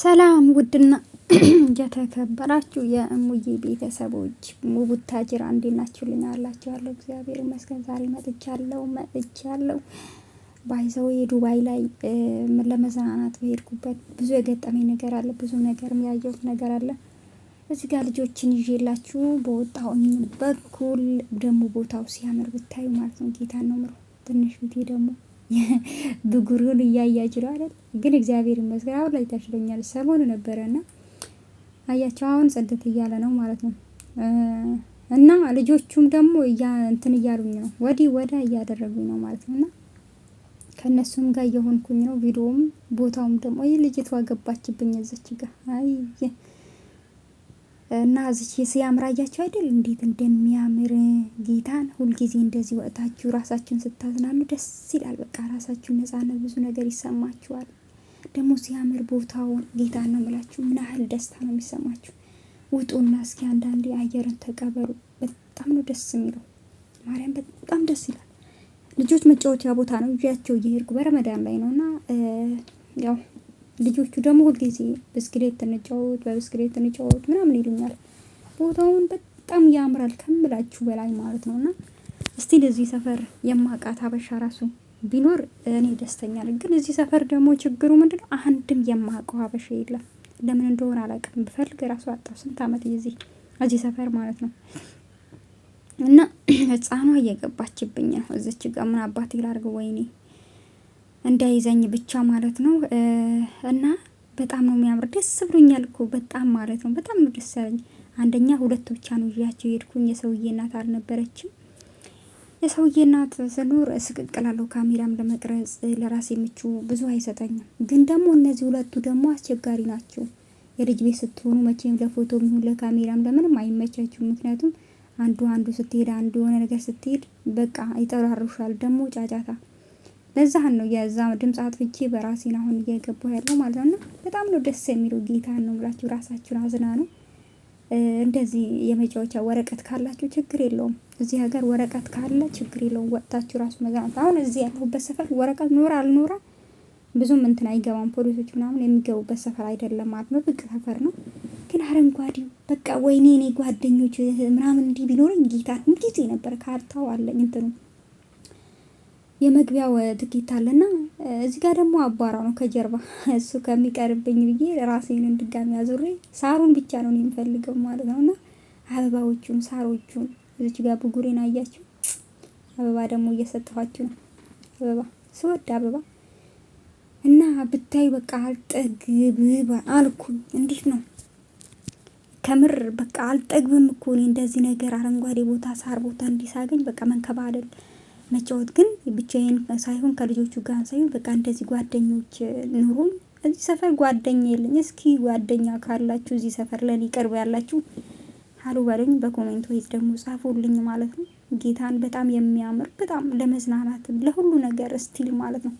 ሰላም ውድና የተከበራችሁ የእሙዬ ቤተሰቦች ሙቡታጅራ እንዴት ናችሁ? ልኛ አላችኋለሁ። እግዚአብሔር ይመስገን ዛሬ መጥቻለሁ መጥቻለሁ ባይዘው የዱባይ ላይ ለመዝናናት በሄድኩበት ብዙ የገጠመኝ ነገር አለ። ብዙ ነገርም ያየሁት ነገር አለ። እዚህ ጋር ልጆችን ይዤላችሁ በወጣሁኝ በኩል ደግሞ ቦታው ሲያምር ብታዩ ማለት ነው ጌታ ነው ምሮ ትንሽ ቤቴ ደግሞ ብጉሩን እያያችሁ ነው አይደል? ግን እግዚአብሔር ይመስገን አሁን ላይ ታሽሎኛል። ሰሞኑ እና አያቸው አሁን ጽድት እያለ ነው ማለት ነው። እና ልጆቹም ደግሞ እንትን እያሉኝ ነው፣ ወዲህ ወዳ እያደረጉኝ ነው ማለት ነው። እና ከእነሱም ጋር እየሆንኩኝ ነው። ቪዲዮም ቦታውም ደግሞ ይህ ልጅቷ ገባችብኝ እዚች ጋር አይ እና እዚች ሲያምር አያቸው አይደል? እንዴት እንደሚያምር ኒታን ሁልጊዜ እንደዚህ ወጥታችሁ ራሳችሁን ስታዝናኑ ደስ ይላል። በቃ ራሳችሁን ነጻነት፣ ብዙ ነገር ይሰማችኋል። ደግሞ ሲያምር ቦታውን ጌታ ነው ምላችሁ፣ ምን ያህል ደስታ ነው የሚሰማችሁ። ውጡና እስኪ አንዳንዴ አየርን ተቀበሉ። በጣም ነው ደስ የሚለው። ማርያም በጣም ደስ ይላል። ልጆች መጫወቻ ቦታ ነው ይዣቸው እየሄድኩ በረመዳን ላይ ነው እና ያው ልጆቹ ደግሞ ሁልጊዜ ብስክሌት እንጫወት በብስክሌት እንጫወት ምናምን ይሉኛል ቦታውን በጣም ያምራል ከምላችሁ በላይ ማለት ነው። እና እስቲ ለዚህ ሰፈር የማቃት አበሻ ራሱ ቢኖር እኔ ደስተኛ ነኝ። ግን እዚህ ሰፈር ደግሞ ችግሩ ምንድን ነው? አንድም የማውቀው አበሻ የለም። ለምን እንደሆነ አላውቅም። ብፈልግ ራሱ አጣው። ስንት ዓመት የዚህ እዚህ ሰፈር ማለት ነው። እና ህፃኗ እየገባችብኝ ነው። እዚች ጋር ምን አባቴ ላድርግ? ወይኔ እንዳይዘኝ ብቻ ማለት ነው። እና በጣም ነው የሚያምር። ደስ ብሎኛል እኮ በጣም ማለት ነው። በጣም ነው ደስ ያለኝ። አንደኛ ሁለት ብቻ ነው ይዣቸው የሄድኩኝ። የሰውዬ እናት አልነበረችም። የሰውዬ እናት ስኖር እስቅቅላለሁ። ካሜራም ለመቅረጽ ለራሴ ምቹ ብዙ አይሰጠኝም። ግን ደግሞ እነዚህ ሁለቱ ደግሞ አስቸጋሪ ናቸው። የልጅ ቤት ስትሆኑ መቼም ለፎቶ የሚሆን ለካሜራም ለምንም አይመቻችሁ። ምክንያቱም አንዱ አንዱ ስትሄድ አንዱ የሆነ ነገር ስትሄድ በቃ ይጠራሩሻል። ደግሞ ጫጫታ ለዛህን ነው የዛ ድምፅ አጥፍቼ በራሴን አሁን እየገባሁ ያለው ማለት ነው። በጣም ነው ደስ የሚለው ጌታን ነው ብላችሁ ራሳችሁን አዝና ነው እንደዚህ የመጫወቻ ወረቀት ካላችሁ ችግር የለውም። እዚህ ሀገር ወረቀት ካለ ችግር የለውም። ወጥታችሁ ራሱ መዝናናት። አሁን እዚህ ያለሁበት ሰፈር ወረቀት ኖራ አልኖረ ብዙም እንትን አይገባም። ፖሊሶች ምናምን የሚገቡበት ሰፈር አይደለም ማለት ነው። ብቅ ሰፈር ነው ግን አረንጓዴው በቃ ወይኔ እኔ ጓደኞች ምናምን እንዲህ ቢኖረኝ ጌታ እንዴት ነበር። ካርታው አለኝ እንትኑ የመግቢያው ትኬት አለና እዚህ ጋር ደግሞ አቧራ ነው ከጀርባ። እሱ ከሚቀርብኝ ብዬ ራሴን ድጋሚ አዙሬ ሳሩን ብቻ ነው የሚፈልገው ማለት ነው። እና አበባዎቹን ሳሮቹን እዚች ጋር ብጉሬን አያችሁ። አበባ ደግሞ እየሰጠኋችሁ ነው። አበባ ስወድ አበባ እና ብታይ በቃ አልጠግብ አልኩኝ። እንዴት ነው ከምር በቃ አልጠግብም እኮ እኔ እንደዚህ ነገር አረንጓዴ ቦታ ሳር ቦታ እንዲሳገኝ በቃ መንከባ አይደል መጫወት ግን ብቻዬን ሳይሆን ከልጆቹ ጋር ሳይሆን በቃ እንደዚህ ጓደኞች ኑሩኝ። እዚህ ሰፈር ጓደኛ የለኝ። እስኪ ጓደኛ ካላችሁ እዚህ ሰፈር ለኔ ቅርብ ያላችሁ ሀሉ በሉኝ፣ በኮሜንት ወይስ ደግሞ ጻፉልኝ ማለት ነው። ጌታን በጣም የሚያምር በጣም ለመዝናናትም ለሁሉ ነገር ስቲል ማለት ነው።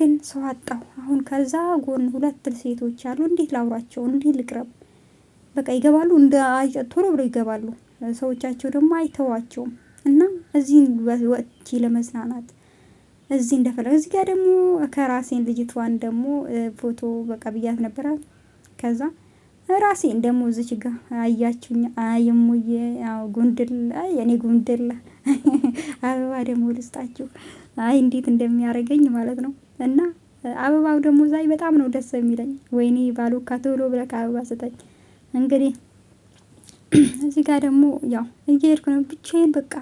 ግን ሰው አጣው። አሁን ከዛ ጎን ሁለት ሴቶች አሉ። እንዴት ላውራቸው? እንዴት ልቅረብ? በቃ ይገባሉ፣ እንደ ቶሎ ብለው ይገባሉ። ሰዎቻቸው ደግሞ አይተዋቸውም እና እዚህ ወጥቼ ለመዝናናት እዚህ እንደፈለ እዚህ ጋር ደግሞ ከራሴን ልጅቷን ደግሞ ፎቶ በቃ ብያት ነበረ። ከዛ ራሴን ደግሞ እዚች ጋ አያችሁኝ አይሙዬ ጉንድል የኔ ጉንድል አበባ ደግሞ ልስጣችሁ። አይ እንዴት እንደሚያደርገኝ ማለት ነው። እና አበባው ደግሞ ዛይ በጣም ነው ደስ የሚለኝ። ወይኔ ባሎካ ቶሎ ብለህ አበባ ስጠኝ። እንግዲህ እዚህ ጋር ደግሞ ያው እየሄድኩ ነው ብቻዬን በቃ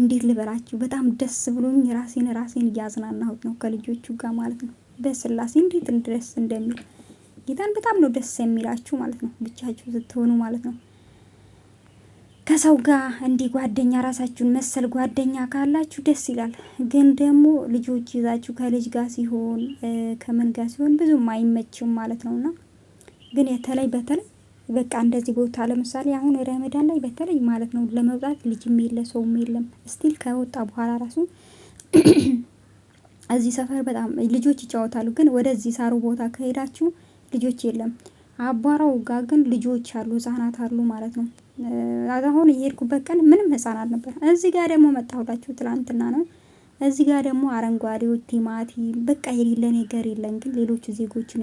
እንዴት ልበላችሁ በጣም ደስ ብሎኝ ራሴን ራሴን እያዝናናሁት ነው ከልጆቹ ጋር ማለት ነው። በስላሴ እንዴት ልድረስ እንደሚል ጌታን በጣም ነው ደስ የሚላችሁ ማለት ነው። ብቻችሁ ስትሆኑ ማለት ነው። ከሰው ጋር እንዲህ ጓደኛ ራሳችሁን መሰል ጓደኛ ካላችሁ ደስ ይላል። ግን ደግሞ ልጆች ይዛችሁ ከልጅ ጋር ሲሆን ከምን ጋር ሲሆን ብዙም አይመችም ማለት ነውና ግን የተለይ በተለይ በቃ እንደዚህ ቦታ ለምሳሌ አሁን ረመዳን ላይ በተለይ ማለት ነው ለመብላት ልጅም የለ ሰውም የለም። ስቲል ከወጣ በኋላ ራሱ እዚህ ሰፈር በጣም ልጆች ይጫወታሉ፣ ግን ወደዚህ ሳሩ ቦታ ከሄዳችሁ ልጆች የለም። አቧራው ጋ ግን ልጆች አሉ፣ ህጻናት አሉ ማለት ነው። አሁን የሄድኩበት ቀን ምንም ህጻናት ነበር። እዚህ ጋር ደግሞ መጣሁላችሁ ትላንትና ነው እዚህ ጋር ደግሞ አረንጓዴዎች ቲማቲም በቃ የሌለ ነገር የለም። ግን ሌሎቹ ዜጎችን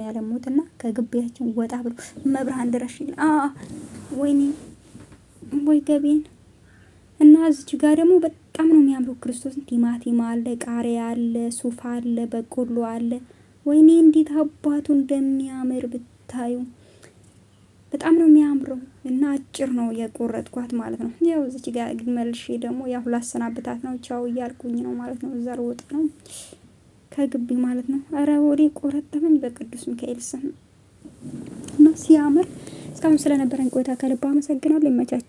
እና ከግቢያችን ወጣ ብሎ መብርሃን ድረሽ ወይኔ ወይ ገቤን እና እዚች ጋር ደግሞ በጣም ነው የሚያምሩ ክርስቶስን ቲማቲም አለ፣ ቃሪያ አለ፣ ሱፍ አለ፣ በቆሎ አለ። ወይኔ እንዴት አባቱ እንደሚያምር ብታዩ በጣም ነው የሚያምረው እና አጭር ነው የቆረጥኳት ማለት ነው። ያው እዚች ጋር ግን መልሼ ደግሞ ያው ላሰናብታት ነው ቻው እያልኩኝ ነው ማለት ነው። እዛ ልወጣ ነው ከግቢ ማለት ነው። ኧረ ወዴ ቆረጠመኝ በቅዱስ ሚካኤል ስም እና ሲያምር እስካሁን ስለነበረን ቆይታ ከልብ አመሰግናለሁ። ይመቻቸው።